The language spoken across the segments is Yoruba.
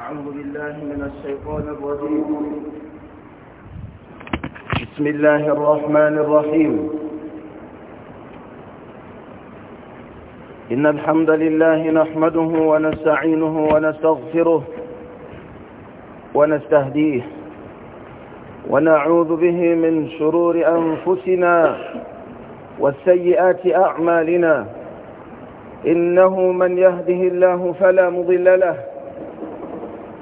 أعوذ بالله من الشيطان الرجيم بسم الله الرحمن الرحيم إن الحمد لله نحمده ونستعينه ونستغفره ونستهديه ونعوذ به من شرور أنفسنا والسيئات أعمالنا إنه من يهده الله فلا مضل له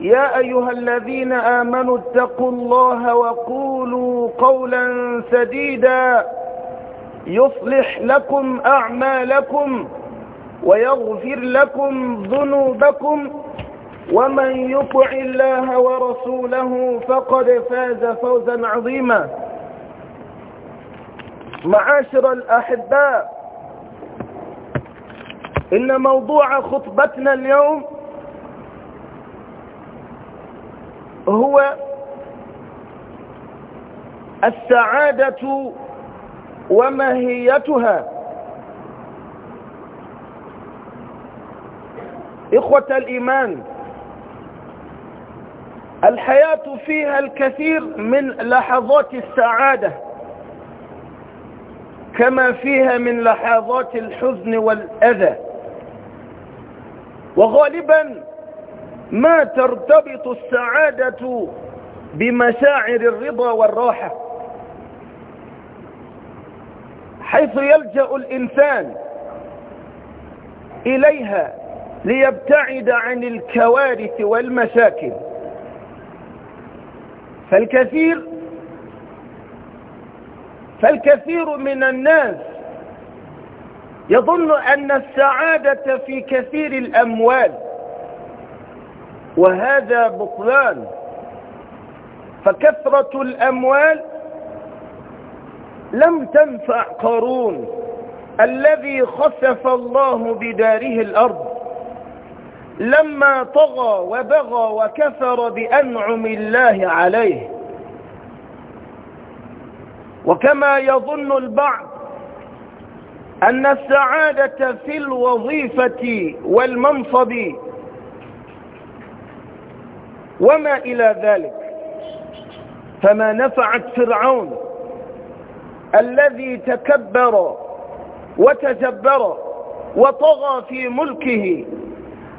يا أيها الذين آمنوا اتقوا الله وقولوا قولا سديدا يصلح لكم أعمالكم ويغفر لكم ذنوبكم ومن يطع الله ورسوله فقد فاز فوزا عظيما معاشر الأحباء إن موضوع خطبتنا اليوم هو السعادة وماهيتها إخوة الإيمان الحياة فيها الكثير من لحظات السعادة كما فيها من لحظات الحزن والأذى وغالبا ما ترتبط السعادة بمشاعر الرضا والراحة حيث يلجأ الإنسان إليها ليبتعد عن الكوارث والمشاكل فالكثير فالكثير من الناس يظن أن السعادة في كثير الأموال وهذا بطلان فكثرة الأموال لم تنفع قارون الذي خسف الله بداره الأرض لما طغى وبغى وكفر بأنعم الله عليه وكما يظن البعض أن السعادة في الوظيفة والمنصب وما إلى ذلك فما نفعت فرعون الذي تكبر وتجبر وطغى في ملكه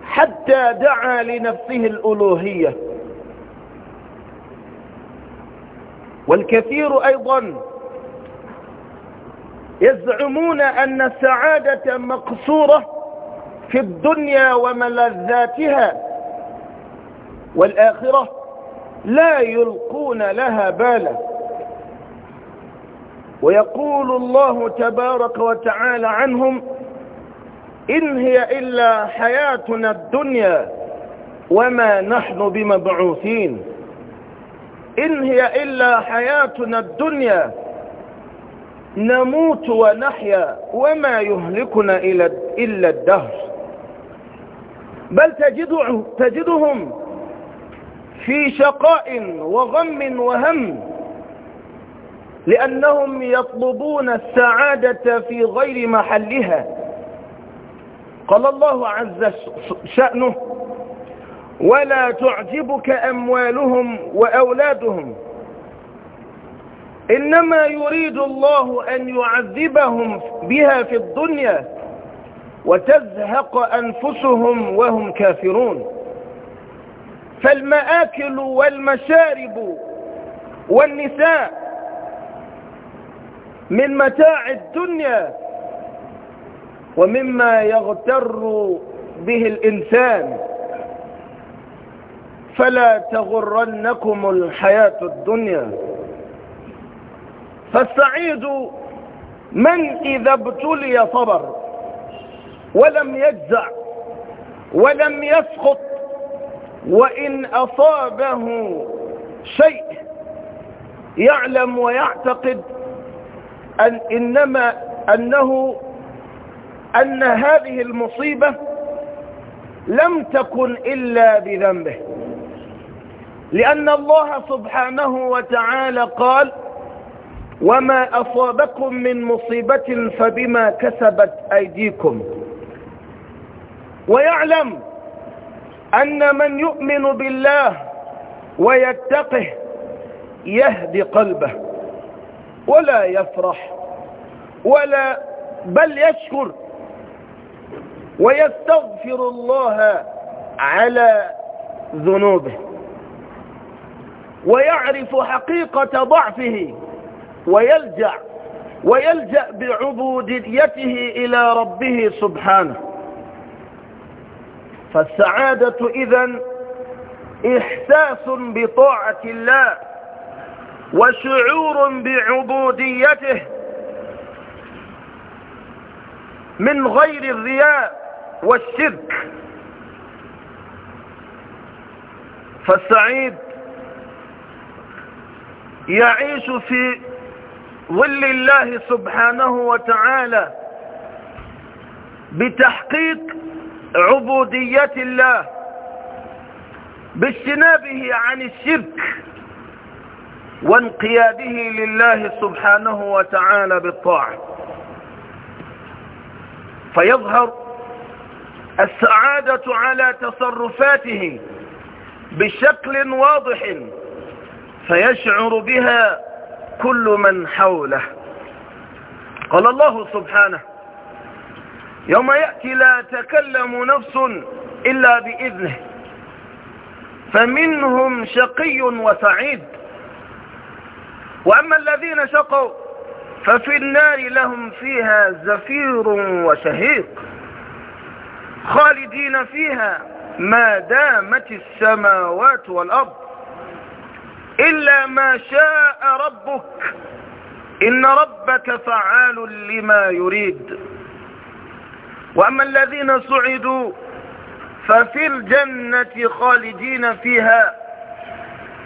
حتى دعا لنفسه الألوهية والكثير أيضا يزعمون أن السعادة مقصورة في الدنيا وملذاتها والآخرة لا يلقون لها بالا ويقول الله تبارك وتعالى عنهم إن هي إلا حياتنا الدنيا وما نحن بمبعوثين إن هي إلا حياتنا الدنيا نموت ونحيا وما يهلكنا إلا الدهر بل تجدهم في شقاء وغم وهم لأنهم يطلبون السعادة في غير محلها قال الله عز شأنه ولا تعجبك أموالهم وأولادهم إنما يريد الله أن يعذبهم بها في الدنيا وتزهق أنفسهم وهم كافرون فالمآكل والمشارب والنساء من متاع الدنيا ومما يغتر به الإنسان فلا تغرنكم الحياة الدنيا فالسعيد من إذا ابتلي صبر ولم يجزع ولم يسقط وإن أصابه شيء يعلم ويعتقد أن إنما أنه أن هذه المصيبة لم تكن إلا بذنبه لأن الله سبحانه وتعالى قال وما أصابكم من مصيبة فبما كسبت أيديكم ويعلم أن من يؤمن بالله ويتقه يهدي قلبه ولا يفرح ولا بل يشكر ويستغفر الله على ذنوبه ويعرف حقيقة ضعفه ويلجأ ويلجأ بعبوديته إلى ربه سبحانه فالسعادة إذا إحساس بطاعة الله وشعور بعبوديته من غير الرياء والشرك فالسعيد يعيش في ظل الله سبحانه وتعالى بتحقيق عبودية الله باجتنابه عن الشرك وانقياده لله سبحانه وتعالى بالطاعة فيظهر السعادة على تصرفاته بشكل واضح فيشعر بها كل من حوله قال الله سبحانه يوم يأتي لا تكلم نفس إلا بإذنه فمنهم شقي وسعيد وأما الذين شقوا ففي النار لهم فيها زفير وشهيق خالدين فيها ما دامت السماوات والأرض إلا ما شاء ربك إن ربك فعال لما يريد وأما الذين صعدوا ففي الجنة خالدين فيها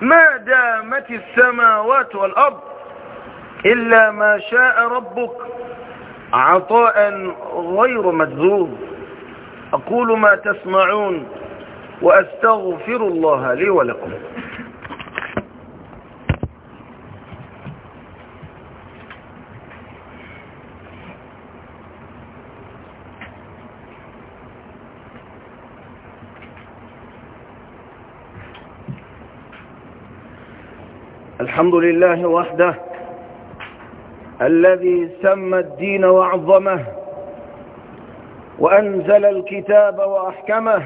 ما دامت السماوات والأرض إلا ما شاء ربك عطاء غير مجذوب أقول ما تسمعون وأستغفر الله لي ولكم الحمد لله وحده الذي سمى الدين وعظمه وأنزل الكتاب وأحكمه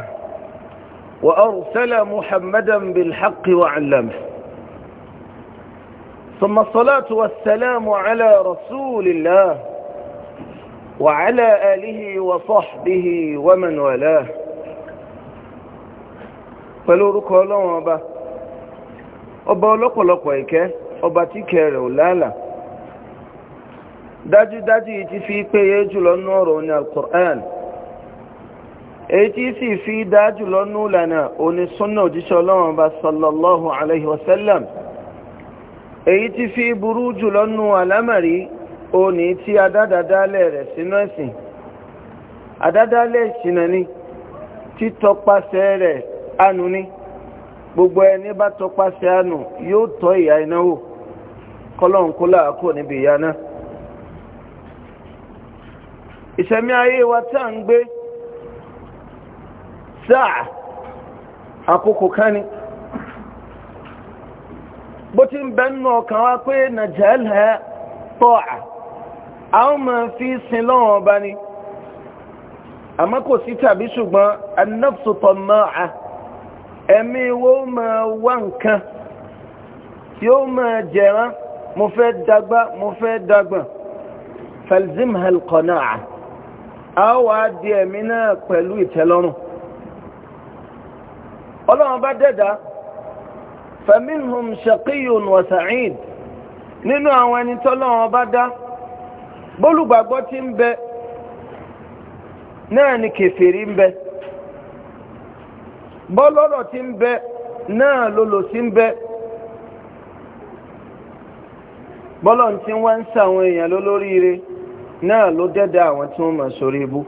وأرسل محمدا بالحق وعلمه ثم الصلاة والسلام على رسول الله وعلى آله وصحبه ومن والاه فلو orúkọ الله ọba ọlọ́pọ̀lọpọ̀ ìkẹ́ ọba tí kẹrẹ ò lálà dájúdájú èyí tí fi péye jùlọ nú ọ̀rọ̀ ní alkur'an èyí tí sì fi dá jùlọ nú lànà òní súnà òjíṣẹ́ ọlọ́run ọba sallallahu alaihi wasallam èyí tí fi burú jùlọ nú alámàrí òní tí adádádálẹ̀ rẹ̀ sínú ẹ̀sìn adádálẹ̀ ìṣìnà títọpasẹ̀ rẹ̀ anu gbogbo ẹni bá tọpasẹ̀ àánú yóò tọ ìyà iná wò kọ́lọ́nkúlà kò níbi ìyà náà ìṣẹ̀mí ayé wa tá à ń gbé sáà àkókò kan ni bó ti ń bẹ nínú ọkàn wa pé nàìjíríà a. à àwọn máa fi sin lọ́wọ́ ọba ni àmọ́ kò sí tàbí ṣùgbọ́n anáfsùtọ̀ náà ẹ̀mí wo máa wá nǹkan yóò máa jẹ̀rán mo fẹ́ dàgbà mo fẹ́ dàgbà falzimha alqana'a a wà á di ẹ̀mí náà pẹ̀lú ìtẹ́lọ́rùn ọlọ́run bá dẹ́dà faminhum shaqiyun wa sa'id nínú àwọn ẹni tọ́lọ́run bá dá bólùgbàgbọ́ tí ń bẹ ni kèfèrí ń bọ́lọ́rọ̀ tí ń bẹ náà lòlò sí ń bẹ bọ́lọ́n tí wọ́n ń sàwọn èèyàn lólóríire náà ló dẹ́dà àwọn tí wọ́n mọ̀ sórí ibú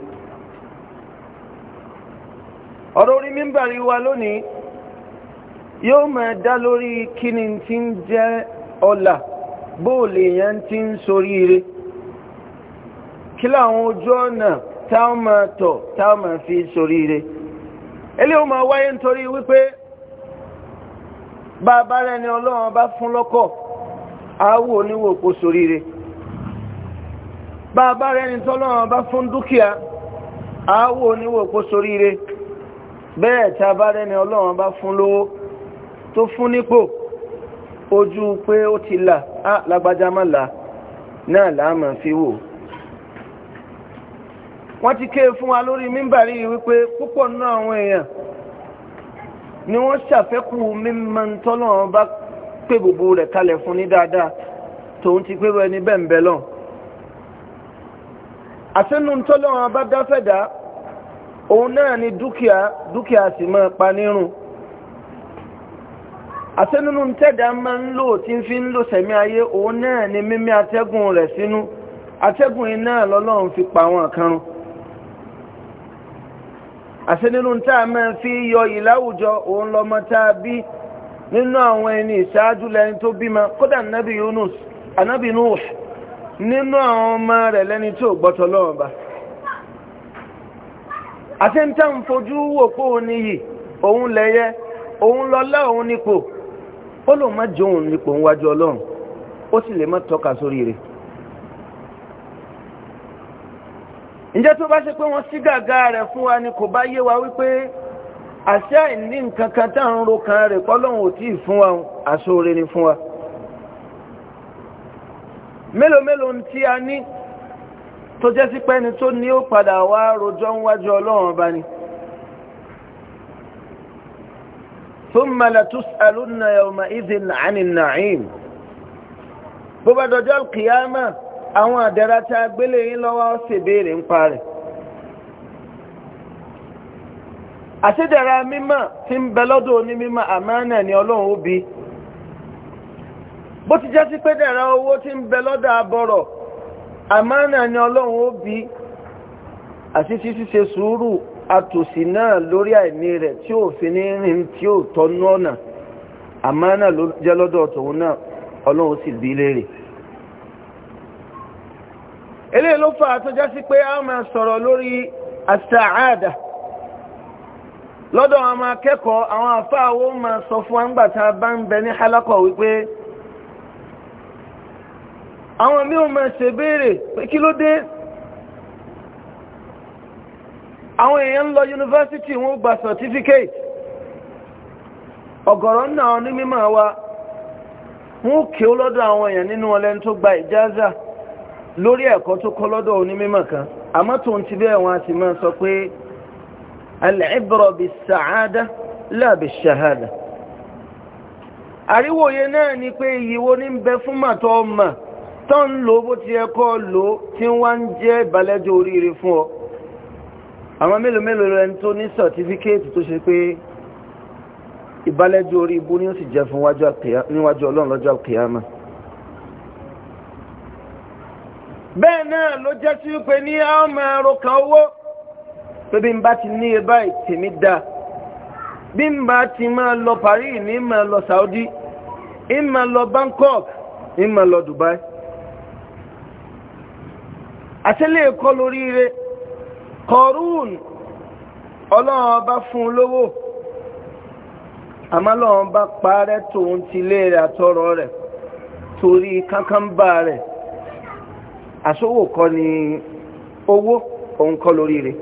ọ̀rọ̀ orí mímbàrí wa lónìí yóò máa dá lórí kíni tí ń jẹ́ ọlà bóòlì èèyàn tí ń soríire kí láwọn ojú ọ̀nà táwọn máa tọ̀ táwọn máa fi soríire. So ele o máa wáyé nítorí wípé bá a bá rẹni ọlọ́run bá fún lọ́kọ̀ àáwò oníwò kò sóríire bá a bá rẹni tọ́lọ́run bá fún dúkìá àáwò oníwò kò sóríire bẹ́ẹ̀ tá a bá rẹni ọlọ́run bá fún lówó tó fún nípò ojú pé ó ti la á lágbájá náà la máa fi wò wọ́n ti kéè fún wa lórí mímbàrí wípé púpọ̀ nínú àwọn èèyàn ni wọ́n ṣàfẹ́kù mímọ́ tọ́lọ́ bá pé gbogbo rẹ̀ kalẹ̀ fún ní dáadáa tòun ti pé wẹ́ni bẹ́ẹ̀ lọ. àsẹ́nu tọ́lọ́ bá dáfẹ́dá òun náà ni dúkìá dúkìá sì máa pa nírun. àsẹ́nu tẹ́dá máa ń lò tí ń fi ń lò sẹ̀mí ayé òun náà ni mímí atẹ́gùn rẹ̀ sínú atẹ́gùn iná lọ́lọ́run fi pa àwọn àkàrùn. àti nínú tá a máa fi yọ ìláwùjọ òun lọmọ tá a bí nínú àwọn ẹni ìṣáájú lẹni tó bímọ kódà Yunus ọmọ rẹ lẹni tí ò gbọ́tọ̀ àti ń tẹ́ ń fojú wò pé òun níyì òun lẹ́yẹ òun lọ́lá òun nípò ó lòun má jẹun nípò ń wájú ọlọ́run ó sì lè má sórí ǹjẹ́ tó bá ṣe pé wọ́n sí gàgá rẹ̀ fún wa ni kò bá yé wa wípé àṣẹ ìní nǹkan kan tá ń ro kan rẹ̀ kọ́lọ́hún ò tí ì fún wa àṣọre ni fún wa mélòó mélòó tí a ní tó jẹ́ sí pẹ́ni tó ní ó padà wá rojọ́ níwájú ọlọ́run ọba ni thumma latus'alunna yawma idhin 'anin na'im bó bá àwọn àdára tí a gbélé lọ́wọ́ ń pa rẹ̀ àṣẹdára mímọ̀ tí ń bẹ lọ́dọ̀ oní mímọ̀ àmánà ni ọlọ́run ó bí bó ti jẹ́ sí pé dára owó tí ń bẹ lọ́dọ̀ abọ́rọ̀ àmánà ni ọlọ́run ó bí àti sùúrù àtòsí náà lórí àìní rẹ̀ tí ò fi ní eléyìí ló fà á tó pé a máa sọ̀rọ̀ lórí àṣàáàdà lọ́dọ̀ àwọn akẹ́kọ̀ọ́ àwọn àfáàwọ́ máa sọ fún wa bá ń bẹ ní se wípé àwọn mí ò máa ṣe béèrè pé kí ló dé àwọn èèyàn ń gba ọ̀gọ̀rọ̀ náà ní mímọ̀ wa wọn kí ó lọ́dọ̀ àwọn èèyàn nínú ọlẹ́ni gba ìjáza lórí ẹ̀kọ́ tó kọ́ lọ́dọ̀ onímọ̀ kan àmọ́ tó ń ti bí wọn a sì máa sọ pé al-ibra bis-sa'ada la bish-shahada àríwòye náà ni pé ìyíwó ní ń bẹ fún màtọ́ ọmọ tó ń lò bó ti ẹkọ́ lò tí wá ń jẹ́ ìbàlẹ́jọ́ oríire fún ọ àwọn mélòó mélòó rẹ̀ tó ní sọ̀tífíkéètì tó ṣe pé ìbàlẹ́jọ́ orí ibú ni ó sì jẹ́ fún níwájú ọlọ́run lọ́jọ́ kìíyàmá bẹ́ẹ̀ náà ló jẹ́ sí pé ní a máa bí n bá ti ní ebá ìtèmí dáa bí n bá ti máa lọ Paris ní máa lọ Saudi ní lọ Bangkok ní lọ Dubai àtẹ́lẹ̀ ẹ̀kọ́ lórí rẹ̀ Kọ̀rún ọlọ́run bá fún lówó àmọ́ ọlọ́run bá parẹ́ tòun ti lé rẹ̀ rẹ̀ torí àsówò kọ́ ni owó òun kọ lórí rẹ̀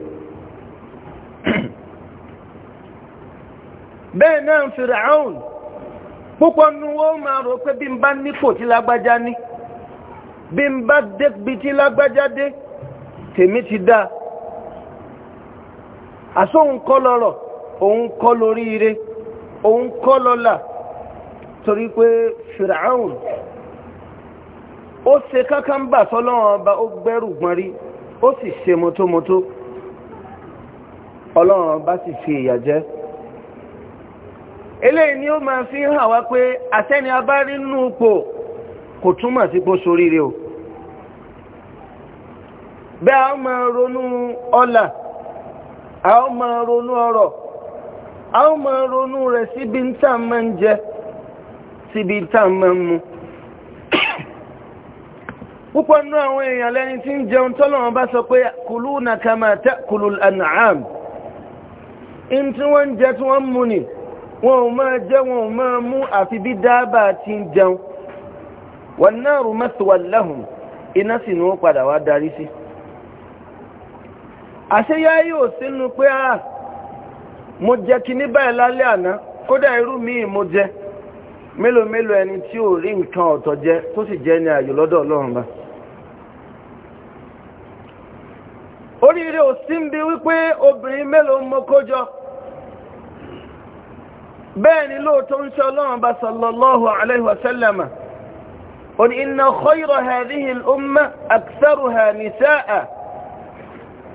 bẹ́ẹ̀ náà Fìràún púpọ̀ nú ó máa rò pé bí n bá nípò tí lágbájá ní bí n bá débi tí lágbájá dé tèmi ti dá àsóhun kọ́ lọ́rọ̀ òun kọ lórí rẹ̀ òun kọ́ lọ́lá torí pé Fìràún ó ṣe kankan bà sọ́lọ́wọ́n ọba ó gbẹ́rù gbọ́n rí ó sì ṣe mọ́tómọ́tó ọlọ́run ọba sì fi ìyà jẹ eléyìí ni ó ma fi hàn wá pé àtẹ́ni abárí nínú ipò kò túmọ̀ sí pé soriri o bẹ́ẹ̀ a ma ronú ọlà a ma ronú ọrọ̀ a ma ronú rẹ̀ síbi tá a máa ń jẹ síbi tá a máa ń mu. púpọ̀ nínú àwọn èèyàn lẹ́ni tí ń jẹun bá sọ pé kùlú na kama tẹ́ kùlù an'am in tí wọ́n ń jẹ tí wọ́n mú ni wọn ò máa jẹ wọn ò máa mú àfi bí dábà ti ń jẹun wan naru maswa lahum iná sì ni ó padà wá darí a ah, mi mélòó mélòó ẹni tí ò rí nǹkan ọ̀tọ̀ jẹ tó sì jẹ́ ní ààyò lọ́dọ̀ ọlọ́run bá oríire ò sí ń bi wípé obìnrin mélòó mo kójọ bẹ́ẹ̀ ni lóòótọ́ ń ṣe ọlọ́run bá sallallahu alaihi wasallama ó ní inna khayra hadhihi al-umma aktharuha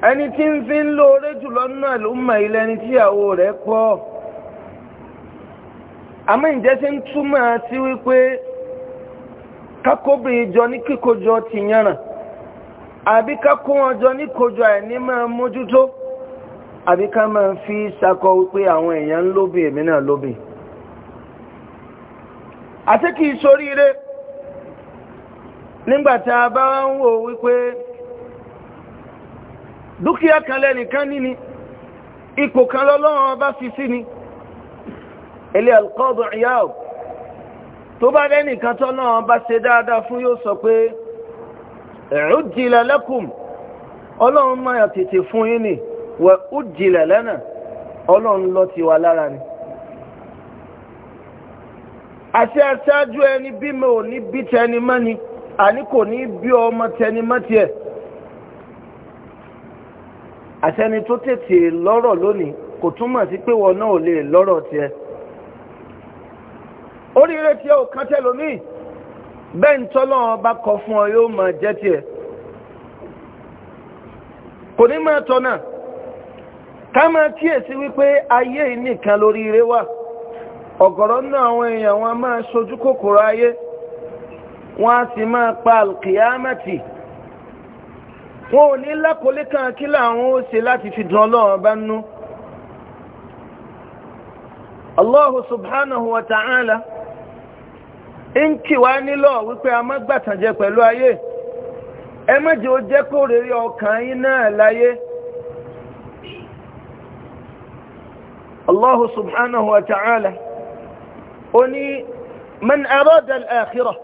ẹni tí ń fi ń lóore jùlọ náà ló ilẹ̀ ẹni tíyàwó rẹ̀ pọ̀ àmọ́ ǹjẹ́ ṣe ń túmọ̀ sí wípé kákóbìnrin jọ ní kíkójọ ti yara àbí kákó wọn jọ ní kójọ àìní máa mójútó àbí ká máa fi sakọ wípé àwọn èèyàn ń lóbi èmi náà lóbi àti kìí ire nígbàtí a bá ń wò wípé dúkìá kan lẹ́nìkan níní ipò kan lọ́lọ́run ọba fi sí ni. ilé alqadi Iyad tó ọlọ́run ni wa lana lọ ti wà lára ni àṣẹ aṣáájú ẹni bí mi ò ní bí tẹni mọ́ ni àní kò ní bí ọmọ tẹni mọ́ tiẹ̀ àṣẹni tó tètè lọ́rọ̀ lónìí kò túmọ̀ sí pé náà oríire tí ó kán tẹ́ lómi bẹ́ẹ̀ ń tọ́lọ́ ọba kọ fún ọ yóò máa jẹ́ tiẹ̀ kò ní máa tọ́nà ká máa kíyèsí wípé ayé nìkan lóríire wà ọ̀gọ̀rọ̀ náà àwọn èèyàn wọn máa sojú kòkòrò ayé wọn a sì máa pa alkiyamati wọn ò ní lákòólé kan kí làwọn ó ṣe láti fi dùn ọlọ́run bá nú Allahu subhanahu wa ta'ala. ń kì wá nílọ wípé a má gbàtànjẹ pẹ̀lú ayé ẹ má jẹ́ ó jẹ́ kó rèé ọkàn yín náà láyé. الله سبحانه وتعالى أني من أراد الآخرة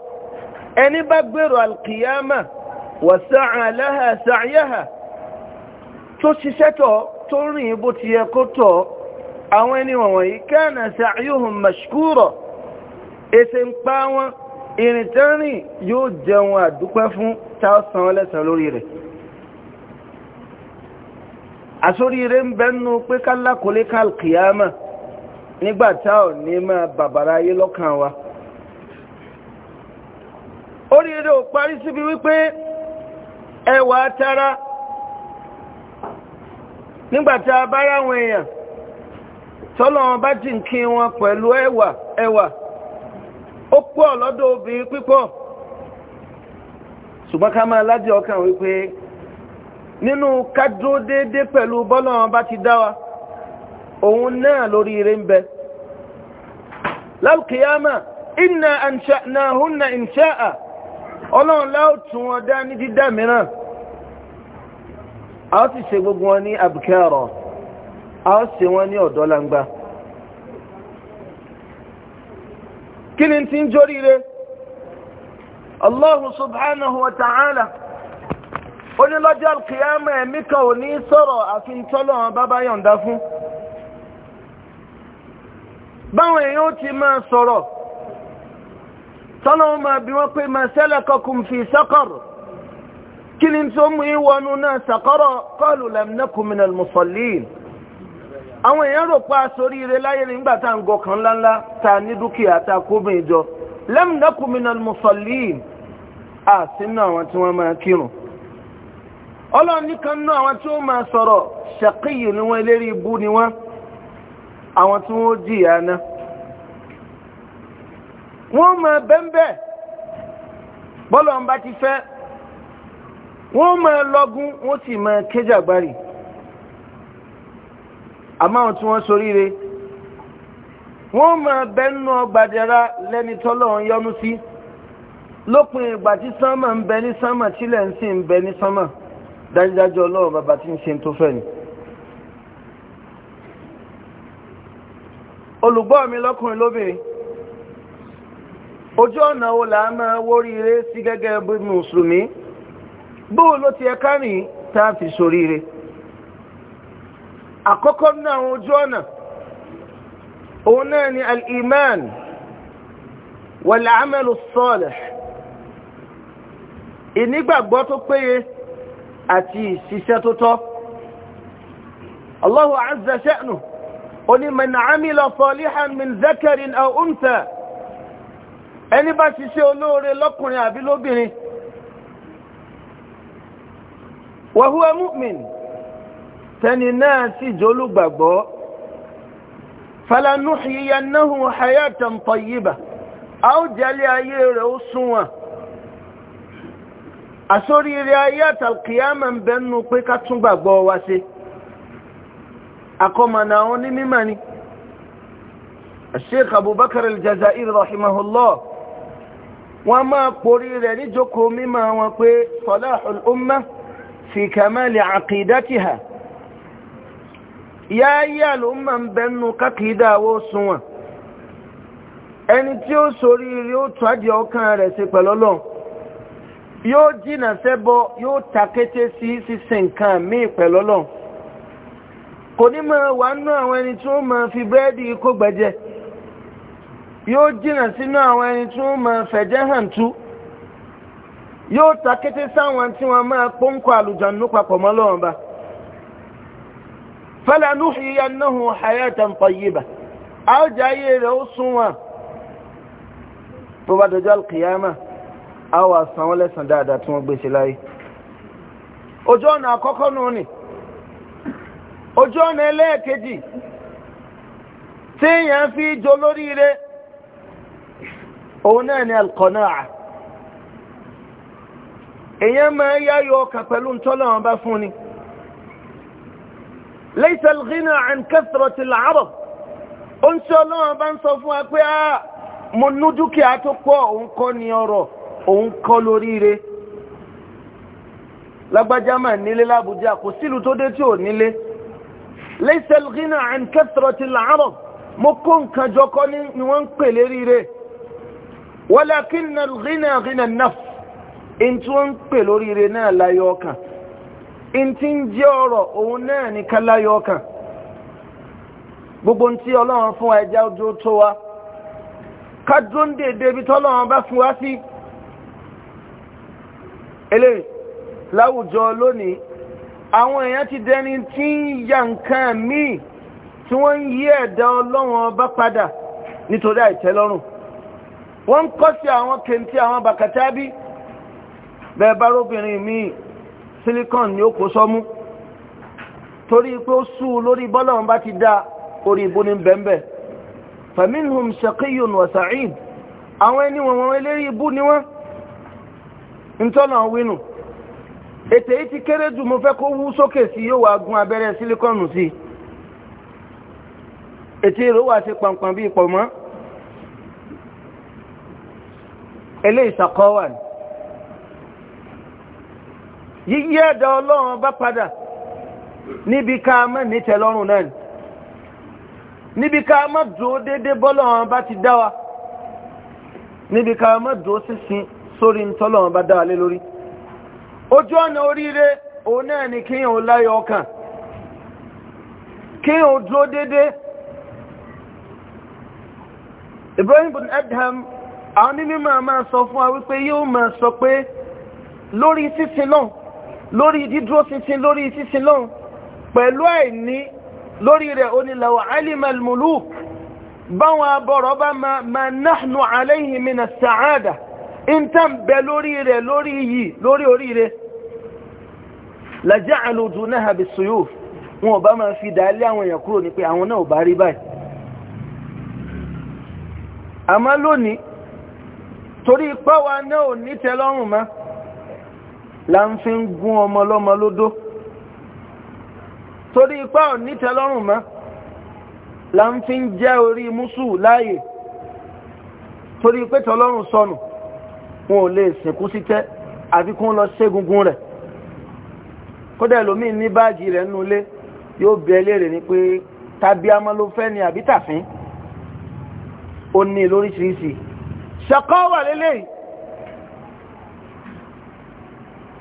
أني بقبر القيامة وسعى لها سعيها تسيستو ترني بطيقتو أواني ووي كان سعيهم مشكورا èsè ń pa wọn ìrìntẹ́rìn yóò jẹun àdúpẹ́ fún tásán lẹ́sàn lórí rẹ̀ àsórí rẹ̀ ń bẹ́nu pé kálákòólé kálkìyàmà nígbàtá ò ní máa bàbàrà ayé lọ́kàn wa oríire ò parí síbi wípé ẹwà tara nígbàtá bára àwọn èèyàn tọ́lọ́wọ́n bá ti wọn pẹ̀lú ẹwà ẹwà ó pọ̀ lọ́dọ̀ obìnrin pípọ̀ ṣùgbọ́n ká máa lájẹ́ ọkàn wípé nínú ká dúró pẹ̀lú bọ́lọ́run ọba ti dá wa òun náà lórí ire ń bẹ lálùkìyàmà inna ansha'nahunna insha'a ọlọ́run láò tún wọn ní dídá mìíràn a ó sì gbogbo wọn ní abukẹ́rọ̀ a ó ṣe wọn ní ọ̀dọ́ langba. kí ni tí ń jóríire Allahu subhanahu wa ta'ala ó ní lọ́jọ́ alkiyama ẹ̀mí kan ò ní sọ̀rọ̀ àfi tọ́lọ̀ bábá yọ̀ǹda fún báwọn èèyàn ti máa sọ̀rọ̀ tọ́lọ̀ máa bi wọ́n pé ma salakakum fi saqar kí tó mú ìwọ̀nù náà saqara qalu lam naku àwọn èèyàn rò pa sórí ire láyé nígbà tá à ń gọkàn ńláńlá ta ní dúkìá ta kóbìn jọ lam naku minal musallin à sínú àwọn tí wọ́n máa kírun ọlọ́run nìkan náà àwọn tí ó máa sọ̀rọ̀ ṣàkíyì ni wọ́n eléré ibú ni wọ́n àwọn tí wọ́n jìyà náà wọ́n máa bẹ́ńbẹ́ bọ́lọ̀ ń bá ti fẹ́ wọ́n máa lọ́gún wọ́n sì máa kéjàgbárì àmọ́ àwọn tí wọ́n soríire wọ́n máa bẹ́nu ọgbàdẹ́ra lẹ́ni tọ́lọ́run yọ́nú sí lópin ìgbà tí sánmà ń bẹ ní sánmà tílẹ̀ ń sì ń bẹ ní sánmà dájúdájú ọlọ́run bàbá tí ń ṣe tó fẹ́ ni olùgbọ́ mi lọ́kùnrin lóbìnrin ojú ọ̀nà wo là á máa wóríire sí gẹ́gẹ́ bí mùsùlùmí bóò ló ti ẹ kárìn tá a fi soríire àkọ́kọ́ nínú àwọn ojú ọ̀nà òun náà ni al-iman wal-amalu salih ìnígbàgbọ́ tó péye àti ìṣiṣẹ́ tó tọ́ Allahu azza sha'nu ó ní man amila salihan min zakarin aw untha ẹni bá ṣiṣẹ́ olóore lọ́kùnrin àbí lóbìnrin wa huwa mu'min tẹni náà sì jólúgbàgbọ́ falanuhiyannahu hayatan tayyiba a ó jẹ́lé ayé rẹ̀ ó súnwọ̀n àsóríire ayé àtàlkìyàmà ń bẹnu pé ká tún gbàgbọ́ wa ṣe akọmọ̀nà àwọn onímọ̀ ni sheikh abubakar aljazair rahimahullah wọ́n máa porí rẹ̀ níjókòó mímọ̀ wọn pé salahul umma fi kamali aqidatiha. ya yí àlùmọ̀ ń bẹnu kákìdá owó sunwọ̀n ẹni tí ó sorí rí ó tún àdìẹ ọkàn rẹ̀ ṣe pẹ̀lú yóò jìnà sẹ́bọ yóò ta kété sí sísìn nǹkan míì pẹ̀lú ọlọ́run kò ní máa wà nú àwọn ẹni tí ó máa fi búrẹ́dì kó gbẹ̀jẹ̀ yóò jìnà sínú àwọn ẹni tí ó máa fẹ̀jẹ̀ hàn tú yóò ta kété sáwọn tí wọ́n máa pọ́nkọ àlùjànnú papọ̀ mọ́ lọ́wọ́n bá. falanuhyiyannahu hayatan tayyibah a ó jẹ́ ayé rẹ̀ ó súnwọ̀n tó bá dọjọ́ alkiyama a wà san wọ́n lẹ́san dáadáa tí wọ́n gbé ṣe láyé ojú ọ̀nà àkọ́kọ́ nù ní ojú ọ̀nà ẹlẹ́ẹ̀kejì tí èèyàn fi jọ lóríire òun náà ni alqanaa èèyàn máa yáyọ ọkà pẹ̀lú ntọ́lọ́wọ́n bá fún ni. ليس الغنى عن كثرة العرب ان شاء الله بان صفوا اكو mo nú dúkìá tó pọ̀ òun kọ́ ni ọrọ̀ òun kọ́ lóríire lágbájá máa nílé lábújá kò sílùú tó dé tí ò nílé laysal ghina an kathratil arab mo kó nǹkan jọ kọ́ ni wọ́n ń pè léríire walakinna al-ghina ghina an-nafs in tí wọ́n ń pè lóríire náà láyọ̀ ọkàn ntí ń jẹ́ ọ̀rọ̀ òun náà ní káláyọ̀ ọkàn gbogbo ntí ọlọ́run fún wa ẹja ojú tó wa ká dúró ń dèédé ibi tọ́lọ́run bá fún wa sí eléyìí láwùjọ lónìí àwọn èèyàn ti dẹni tí ń ya nǹkan míì tí wọ́n ń yí ẹ̀dá ọlọ́run bá padà nítorí àìtẹ́lọ́rùn wọ́n ń kọ́ sí àwọn kèntì àwọn bàkàtà bí bẹ́ẹ̀ bá róbìnrin míì silicon ni ó kó sọ́mú torí pé ó sú lórí bọ́lá wọn bá ti dá orí ibú ní bẹ́ẹ̀bẹ́ faminhum shaqiyun wa sa'id àwọn ẹni wọn wọn eléri ibú ni wọ́n ń tọ́nà wínú ètè yìí ti kéré jù mo fẹ́ kó wú sókè sí yóò wá gun abẹ́rẹ́ silicon sí ètè ìró wà sí pàǹpàǹ bí ìpọ̀ mọ́ eléyìí sàkọ́wà ni yíyí ẹ̀dá ọlọ́run bá padà níbi ká má nítẹ̀lọ́rùn náà níbi ká má dúró dédé bọ́lọ́run bá ti dá wa níbi ká má dúró sísìn sórí ntọ́lọ́run bá dá wa lé lórí ojú ọ̀nà oríire òun náà ni kí yàn láyọ̀ ọkàn kí yàn dúró dédé Ibrahim bin Adham àwọn onímọ̀ máa sọ fún wa wípé yóò máa sọ pé lórí sísìn náà lórí dídúró ṣinṣin lórí ṣinṣin lọ́hùn pẹ̀lú àìní lórí rẹ̀ onílàwọ̀ alimal muluk báwọn abọ̀rọ̀ bá ma nahnu alayhi mina sa'ada in tá ń bẹ lórí rẹ̀ lórí yìí lórí oríire la ja'alu dunaha bisuyuf wọn bá ma fi dálé àwọn èèyàn kúrò ní pé àwọn náà bá rí báyìí torí ipá náà ní tẹ́lọ́rùn máa la ń fi ń gún ọmọ lọ́mọ lódó torí ipá ò nítẹ́lọ́rùn mọ́ la ń fi ń jẹ́ orí mùsù láàyè torí pé tọ́lọ́rùn sọnù wọn ò lè sìnkú sí tẹ́ àfikún lọ ségungun rẹ̀ kódà lómi ní báàjì rẹ̀ nínú ilé yóò bẹ léèrè ni pé tàbí amọ́ ló fẹ́ ni àbí tàfín ó ní lóríṣiríṣi ṣàkọ́ wà lélẹ́yìí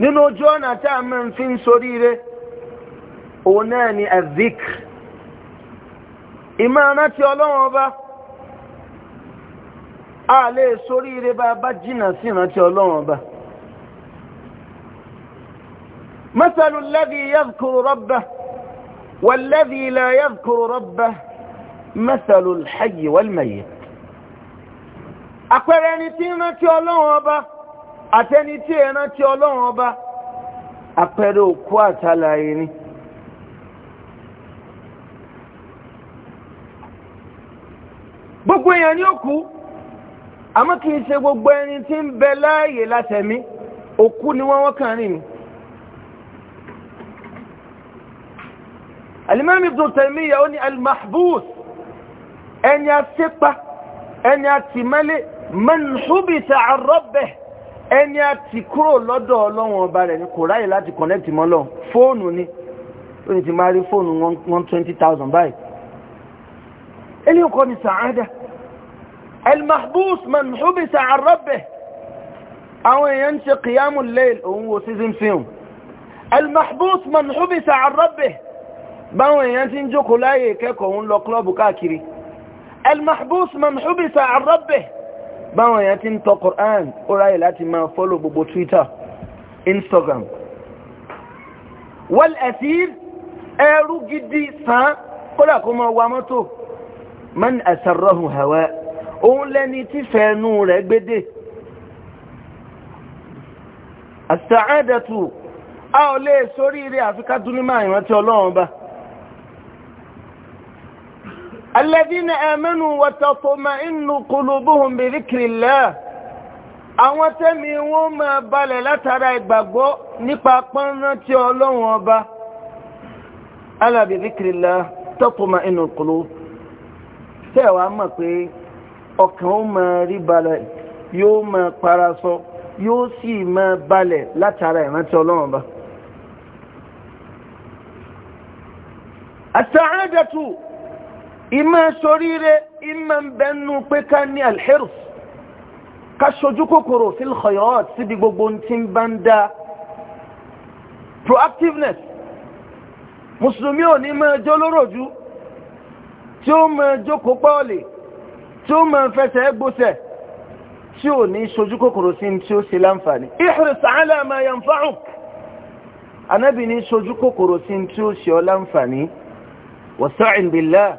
nínú ojú ọ̀nà tí a máa ń fi ń soríire òun náà ni azik ìmọ̀ arántí ọlọ́run ọba a lè soríire bá bá jìnnà sí ìrántí ọlọ́run ọba مثل الذي يذكر ربه والذي لا يذكر ربه مثل الحي والميت àpẹẹrẹ ẹni tí ń àtẹni tí ẹ rántí ọlọ́run ọba àpẹẹrẹ òkú àtàlàyé ni gbogbo èèyàn ni ó kú àmọ́ kìí ṣe gbogbo ẹni tí ń bẹ láàyè látẹ̀mí òkú ni wọ́n wọ́n kàn rìn ni alimami ibn Taymiyyah ó ní almahbus ẹni a sépa ẹni a tìmọ́lé man hubita an ẹni a ti kúrò lọ́dọ̀ ọlọ́run ọba rẹ̀ ni kò ráyè láti connect mọ́ lọ fóònù ni ó ní ti máa rí fóònù one twenty thousand báyìí ẹni kọ́ ni sàádà al-mahbus man hubisa an rabbih àwọn èèyàn ń ṣe qiyamul layl òun wo season film al-mahbus man báwọn èèyàn ti ń jókòó láyè ìkẹ́kọ̀ọ́ òun lọ klọ́ọ̀bù káàkiri al-mahbus man báwọn èèyàn ti ń tọ Quran ó ráyè láti máa fọ́lọ̀ gbogbo Twitter Instagram wal asir ẹrú gidi sàn kódà kó máa wa mọ́tò man asarrahu hawa òun lẹ́ni tí fẹ́ẹ̀nú rẹ̀ gbédè as a ò lè sórí ire àfikà ìrántí ọlọ́run bá Alevi na emenu wato foma inu kulo a awon temi mi won ma bale latara igbagbo nipa kpanarati olohun oba. Ala miri kirila to foma inu kulo teewa pe ọka o ma ri bala yio ma paraso yio si ma bale latara iranti olohun oba. A sa-adatu ìmọ̀ soríire ìmọ̀ ń bẹnu pé ká ní alhirs ká ṣojú kòkòrò fil khayrat síbi gbogbo tí ń bá ń dá proactiveness mùsùlùmí ò ní máa jó lóròjú tí ó máa jókòó pọ́ọ̀lì tí ó máa fẹsẹ̀ gbósẹ̀ tí ò ní ṣojú kòkòrò sí tí ó ṣe láǹfààní ihris ala ma yanfa'uk anábì ní ṣojú kòkòrò sí tí ó ṣe ọ láǹfààní wasta'in billah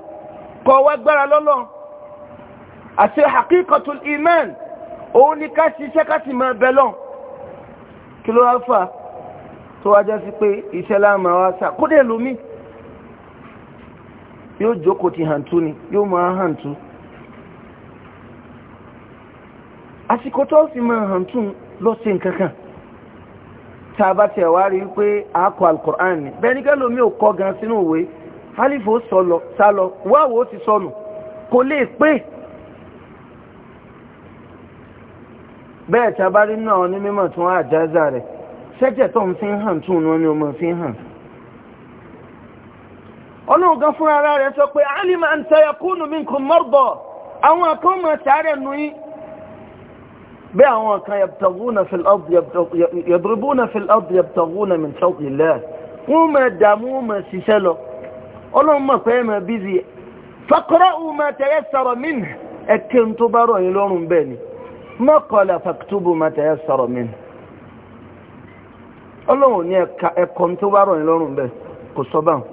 kọ wá gbára lọ́lọ́ àti haqiqatul iman òun ni ká ṣiṣẹ́ ká sì máa bẹ lọ kí ló wá fà tó wá jẹ́ sí pé iṣẹ́ láàmà wá sá kódé lómi yóò jókòó ti hàntú ni yóò máa hàntú àsìkò tó fi máa hàntú lọ́sẹ̀ nkankan tá a bá tẹ̀ wá rí pé àákọ alukur'an bẹ́ẹ̀ ni kẹ́lómi ò kọ́ gan sínú òwe alifo sọlọ sálọ wáwo ti sọnù kò lè pé bẹ́ẹ̀ tí a bá rí náà ní mímọ̀ tún àjáza rẹ̀ ṣẹ́jẹ̀ tó ń fi hàn tún náà ni o mọ̀ fi hàn ọlọ́run gan fúnra ara rẹ̀ sọ pé alima an sayakunu minkum marda àwọn kan mọ̀ nù yín bẹ́ẹ̀ àwọn kan yabtaguna fil ard yadribuna fil ard yabtaguna wọ́n mọ̀ dààmú mọ̀ ṣiṣẹ́ lọ ọlọ́run mọ̀ pé ẹ̀mọ̀ bízì faqra'u ma tayassara minhu ẹ̀kẹ́ tó bá rọ̀ yín lọ́rùn bẹ́ẹ̀ ni ma qala faktubu ma tayassara minhu ọlọ́run ní ẹ̀kọ́ tó bá rọ̀ yín lọ́rùn bẹ́ẹ̀ kò sọ báwọn.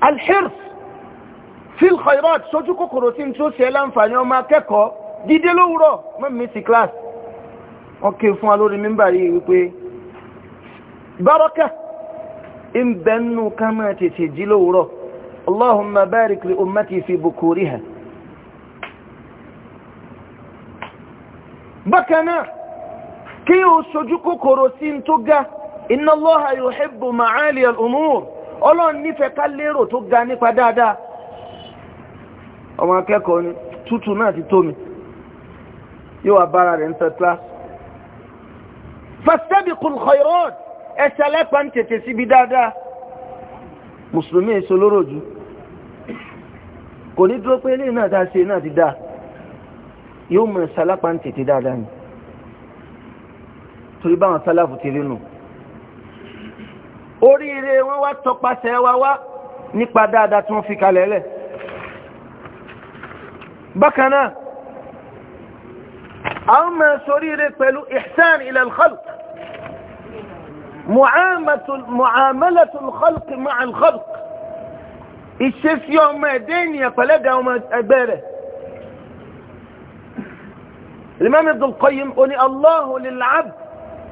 alhirs fil khairat sojú kòkòrò tí n tó ṣe láǹfààní ọmọ baraka in bẹnu kama tètè jí lóòrọ̀ allahumma barik li ummati fi bukuriha bákanáà kí o sojú kòkòrò sí tó ga inna allaha yuhibbu ma'ali al'umur ọlọ́run nífẹ̀ẹ́ ká lérò tó ga nípa dáadáa ọmọ akẹ́kọ̀ọ́ ni tútù náà ti tó yóò wà rẹ̀ ń tẹ́tlá fastabiqul khairat ẹsẹ̀ lẹ́pàá ń tètè síbi dáadáa mùsùlùmí èso lóró jù kò ní dúró pé eléyìí náà dáa sí náà ti dáa yóò mọ̀ sálápàá ń tètè dáadáa ni torí báwọn sáláfù ti rí nù oríire wọn wá tọpasẹ̀ wa wá nípa dáadáa tí wọ́n fi kalẹ̀ lẹ̀ bákan náà àwọn mọ̀ sóríire pẹ̀lú ihsan ilal khalq معاملة الخلق مع الخلق ìṣesí ọmọ ẹ̀dẹ́ ènìyàn pẹ̀lẹ́dà ọmọ ẹgbẹ́ rẹ̀ الإمام ابن القيم ó ní الله للعبد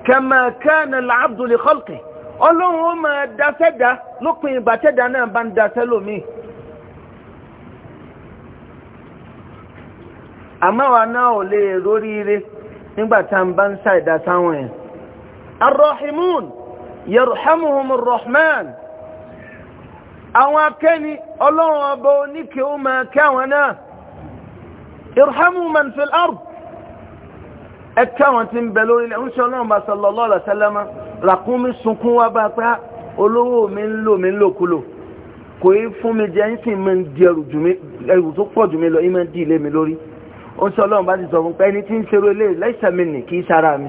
كما كان العبد لخلقه ọlọ́run ó máa dasẹ́dá lópin ìgbà tẹ́dá náà bá ń dasẹ́ lómi àmọ́ wa náà ò lè rórí ire nígbà tá à ń bá ń ṣàìdá sáwọn ẹ̀ arọ́hìmùn يرحمهم الرحمن àwọn akẹ́ni الله ọba oníkè ó máa kẹ́ àwọn náà irhamu man fil ard ẹ̀kẹ́ àwọn tí ń bẹ lórí ilẹ̀ ń ṣe ọlọ́run bá sallallahu alaihi wasallam ràkúnmí sunkún wá bá pé ah, olówó mi ń lò mí lòkulò kò í fún mi jẹ ń sì mi ń di ẹrù tó pọ̀ jù mí lọ ìmọ̀ ń di ilé mi lórí ó ọlọ́run bá ti sọ fún pé ẹni tí ń ṣerú ilé lẹ́sẹ̀ nì kì í sára mi.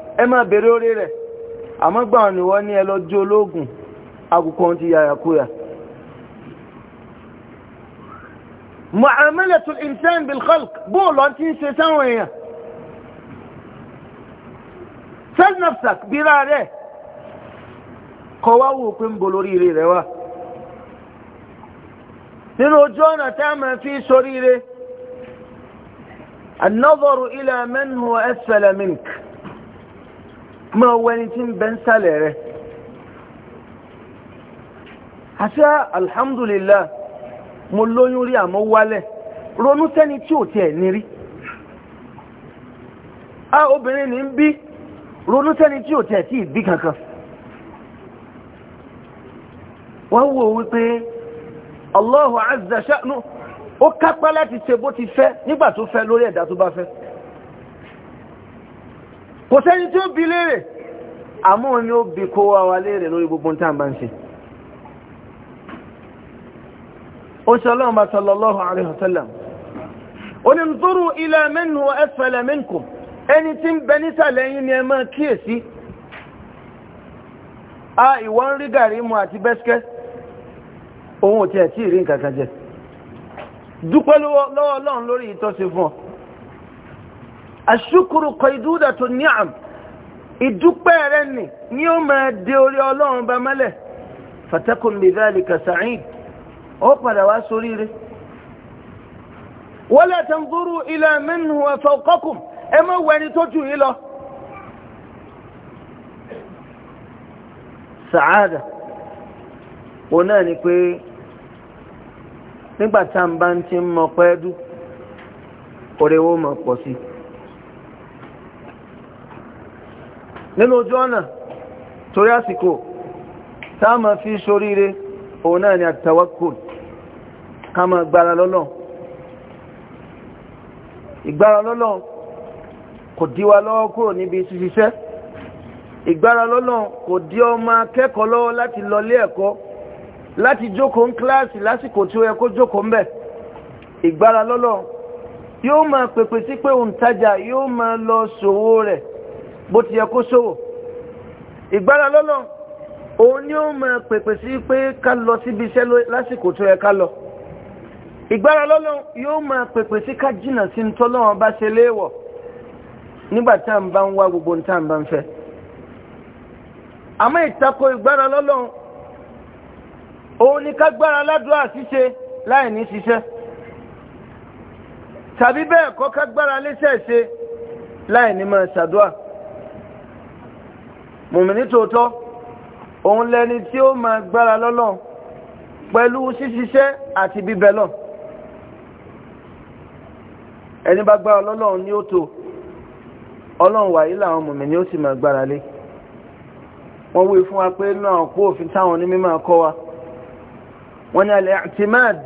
ẹ máa bèrè orí rẹ̀ àmọ́ gbà wọn ni wọ́n ní ẹ lọ jí ológun àgùkọ ti yàyàkúyà mu'amalatul insan bil khalq bóòlù ọtí ń ṣe sáwọn èèyàn self-nafsak bíra rẹ̀ kọ wá wò lórí rẹ̀ wá nínú ojú ọ̀nà tá a máa fi sórí rẹ̀ النظر إلى من هو أسفل منك ma wọ ẹni tí ń bẹ ń sálẹ̀ rẹ̀ alhamdulillah mo lóyún rí àmọ́ wálẹ̀ ronú sẹ́ni tí ò tiẹ̀ ní rí a obìnrin n'i ń bí ronú sẹ́ni tí ò tiẹ̀ tí ì kankan wọ́n wò wípé Allahu azza sha'nu ó kápá láti ṣe bó ti fẹ́ nígbà tó fẹ́ lórí ẹ̀dá tó bá fẹ́ kò sẹ́ni tí ó bi léèrè àmọ́ ni ó bi kó wa wa léèrè lórí gbogbo tá à ń bá ń ṣe ó ṣe ọlọ́run bá sallallahu alaihi wasallam ó ní nzúrú ila man huwa asfala minkum ẹni tí ń bẹ nísàlẹ̀ yín ni ẹ máa kíyèsí a ìwọ rí gàrí mu àti bẹ́sikẹ́ òun ò tiẹ̀ tí ì rí dúpẹ́ lọ́wọ́ ọlọ́run ìtọ́sí fún ọ àṣùkúrú kọ̀ìdúdà tó ní àm ìdúpẹ́ rẹ̀ nì ní ó máa dé orí ọlọ́run bá mẹ́lẹ̀ fatakun bidhali kasa'id ó padà wá sórí rẹ̀ wala tanzuru ila man huwa fawqakum ẹ má wẹni tó jù yí lọ sàádà òun náà ni pé nígbà bá ń ti mọ pẹ́ẹ́dú òrèwó mọ̀ pọ̀ sí i nínú ojú ọ̀nà torí àsìkò tá ma fi ṣoríire òun náà ni àtàwákùl ká ma gbára lọ́lọ́ ìgbára lọ́lọ́ kò díwa lọ́wọ́ kúrò níbi ṣiṣẹ́ ìgbára lọ́lọ́ kò dí ọmọ akẹ́kọ̀ọ́ lọ́wọ́ láti lọlé ẹ̀kọ́ láti jókòó ń kíláàsì lásìkò tí ó yẹ kó jókòó ń bẹ̀ ìgbára lọ́lọ́ yóò máa pèpè sí pé òǹtajà yóò máa lọ ṣòwò rẹ̀ bó ti yẹ kó ṣòwò ìgbára lọ́lọ́ òun ni ó máa pèpè sí pé ká lọ síbi iṣẹ́ lásìkò tó yẹ ká lọ ìgbára lọ́lọ́ yóò máa pèpè sí ká jìnnà sí tọ́lọ́wọ́n bá ṣe léèwọ̀ nígbà tá à ń bá ń wá gbogbo tá à ń bá ń fẹ́ àmọ́ ìtakò ìgbára lọ́lọ́ òun ni ká gbára ládùúrà ṣíṣe láì ní ṣiṣẹ́ tàbí bẹ́ẹ̀ kọ́ ká gbára léṣẹ̀ ṣe láì ní máa ṣàdúrà mùmìnì tòótọ́ òun lẹni tí ó máa gbára lọ́lọ́run pẹ̀lú ṣíṣiṣẹ́ àti bíbẹ̀ lọ ẹni bá gbára lọ́lọ́run ní ó tó ọlọ́run wàyí làwọn mùmìnì ó sì máa gbára lé wọ́n wí fún wa pé náà kó òfin táwọn ní mímọ̀ kọ́ wa wọ́n ní al-i'timad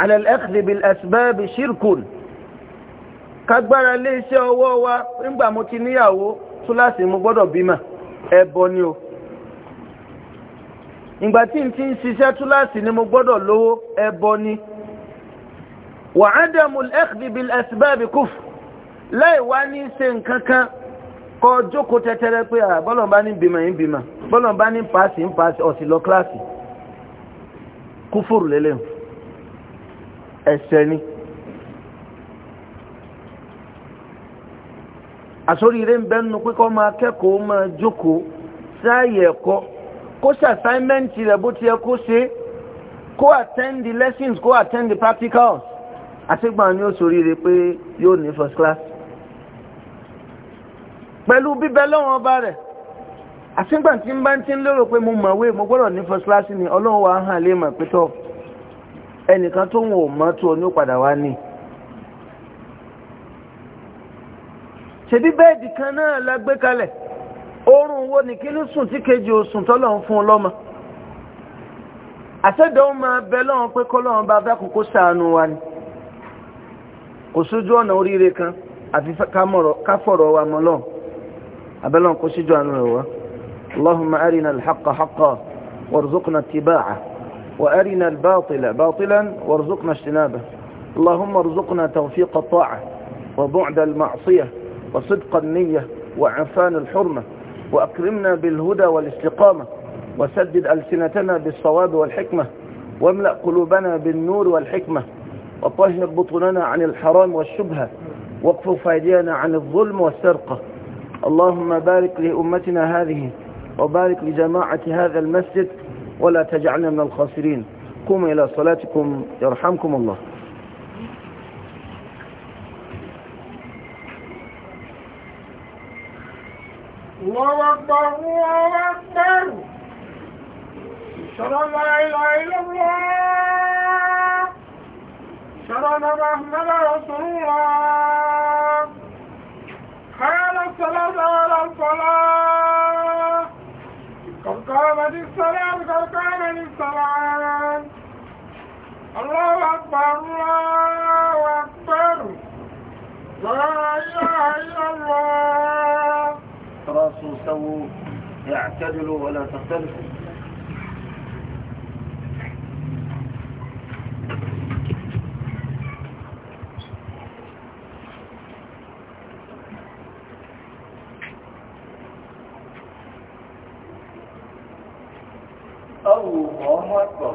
ala al-akhdh bil-asbab kágbára lé iṣẹ́ ọwọ́ wa nígbà mo ti níyàwó túláàsì mo gbọ́dọ̀ bímọ ẹbọ ni o ìgbà tí n ti ń ṣiṣẹ́ túláàsì ni mo gbọ́dọ̀ lówó ẹbọ ni wà á dẹ̀mù ẹ́kìdì bí ẹ̀sìbẹ́ẹ̀bì kùf láì wá ní ṣe nǹkan kan kọ jókòó tẹ́tẹ́rẹ́ pé bọ́lọ̀ bá ní bímọ yín bímọ bọ́lọ̀ bá ní pàṣẹ ń pàṣẹ ọ̀sìn lọ kíláàsì kúfòrò lélẹ̀ ẹ̀ṣẹ̀ ni. àsoríire ń bẹ́nu pé kọ́ máa kẹ́kọ̀ọ́ máa jókòó sáàyè ẹ̀kọ́ kó ṣe assignment rẹ̀ bó ti yẹ kó ṣe kó attend the lessons kó attend the practicals àtìgbà ni ó soríire pé yóò ní first class pẹ̀lú bíbẹ lọ́wọ́ ọba rẹ̀ àtìgbà tí ń bá ti ń lérò pé mo mọ̀wé mo gbọ́dọ̀ ní first class ni ọlọ́run wa hàn lè mọ̀ pé tọ́ ẹnìkan tó ń wò mọ́ tó ní ó padà wá ní i. ṣebí bẹ́ẹ̀dì kan náà la gbé kalẹ̀ oorun wo ni kí ló sùn tí kejì ò sùn tọ́lọ̀ ń fún un lọ́mọ àṣẹ́dọ̀ ó máa bẹ lọ́wọ́n pé kọ́lọ́wọ́n bá bá kókó sàánú wa ni kò sójú ọ̀nà oríire kan àfi ká fọ̀rọ̀ wa mọ́ lọ́wọ́ abẹ́lọ́wọ́n kó síjú àánú rẹ̀ wá اللهم أرنا الحق حقا وارزقنا اتباعه وأرنا الباطل باطلا وارزقنا اجتنابه اللهم ارزقنا توفيق الطاعة وبعد المعصية وصدق النية وعفان الحرمة وأكرمنا بالهدى والاستقامة وسدد ألسنتنا بالصواب والحكمة واملأ قلوبنا بالنور والحكمة وطهر بطننا عن الحرام والشبهة واكفف أيدينا عن الظلم والسرقة اللهم بارك لأمتنا هذه وبارك لجماعة هذا المسجد ولا تجعلنا من الخاسرين قوموا إلى صلاتكم يرحمكم الله الله أكبر الله أكبر أشهد أن لا إله إلا الله أشهد محمد رسول الله حال الصلاة على الصلاة قد قامت الصلاة قد قامت الصلاة الله أكبر الله أكبر لا إله إلا الله تراصوا سووا اعتدلوا ولا تختلفوا الله أكبر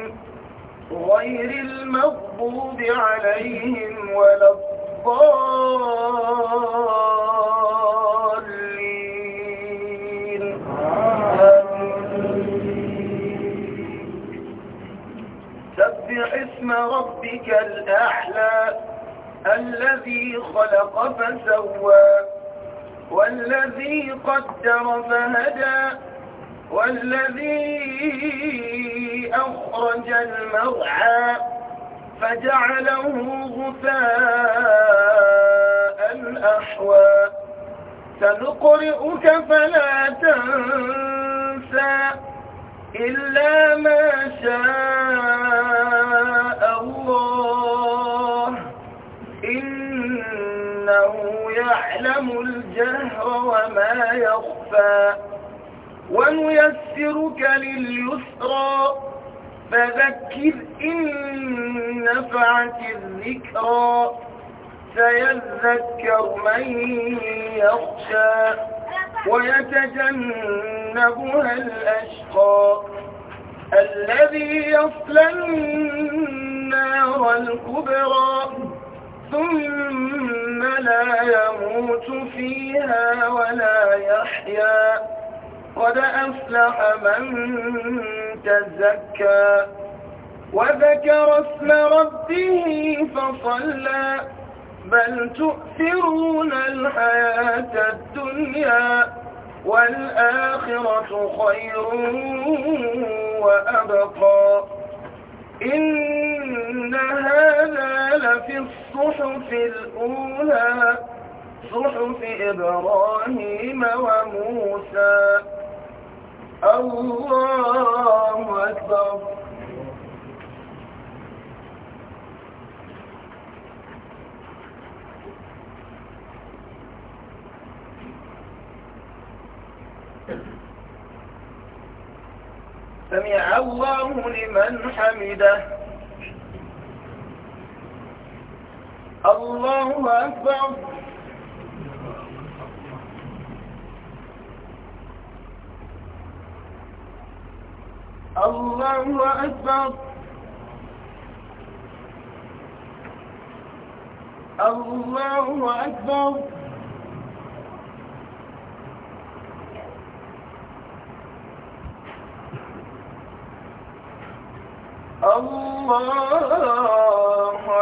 غير المغضوب عليهم ولا الضالين سبح اسم ربك الأحلى الذي خلق فسوى والذي قدر فهدى والذي أخرج المرعى فجعله غثاء أحوى سنقرئك فلا تنسى إلا ما شاء الله إنه يعلم الجهر وما يخفى ونيسرك لليسرى فذكر إن نفعت الذكرى سيذكر من يخشى ويتجنبها الأشقى الذي يصلى النار الكبرى ثم لا يموت فيها ولا يحيا قد أفلح من تزكى وذكر اسم ربه فصلى بل تؤثرون الحياة الدنيا والآخرة خير وأبقى إن هذا لفي الصحف الأولى صحف إبراهيم وموسى الله أكبر سمع الله لمن حمده الله أكبر الله أكبر الله أكبر الله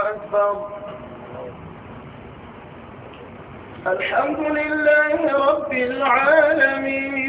أكبر الحمد لله رب العالمين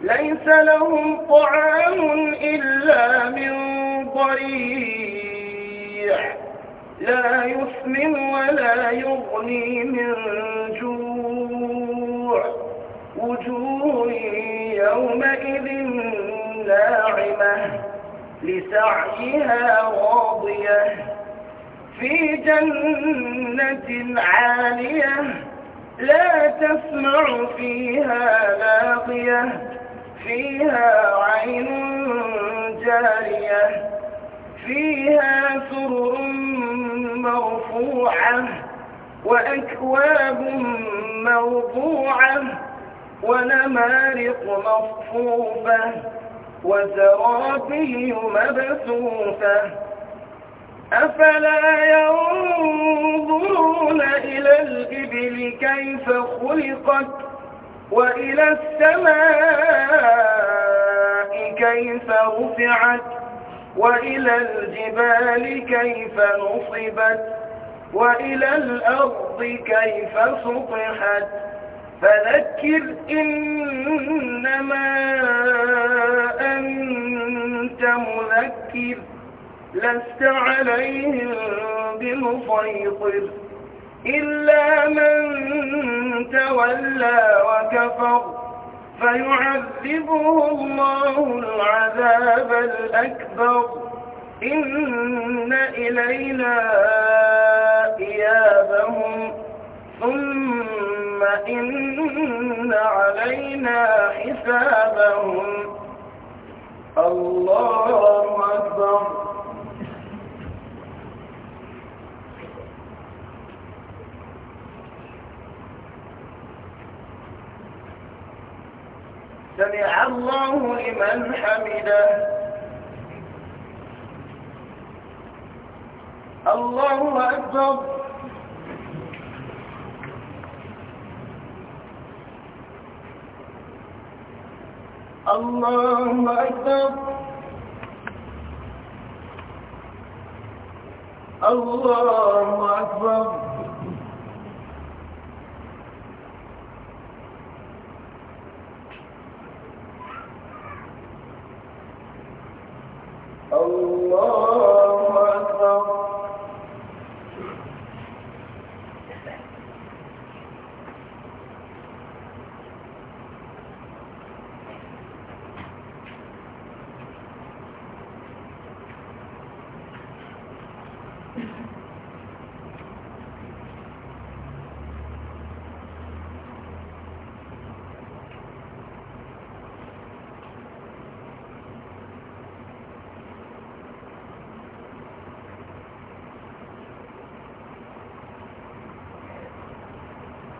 ليس لهم طعام إلا من ضريع لا يسمن ولا يغني من جوع وجوه يومئذ ناعمة لسعيها راضية في جنة عالية لا تسمع فيها لاغية فيها عين جارية فيها سرر مرفوعة وأكواب موضوعة ونمارق مصفوفة وزرابي مبثوثة أفلا ينظرون إلى الإبل كيف خلقت وإلى السماء كيف رفعت وإلى الجبال كيف نصبت وإلى الأرض كيف سطحت فذكر إنما أنت مذكر لست عليهم بمسيطر إلا من تولى وكفر فيعذبه الله العذاب الأكبر إن إلينا إيابهم ثم إن علينا حسابهم الله الله لمن حمده الله أكبر الله أكبر الله أكبر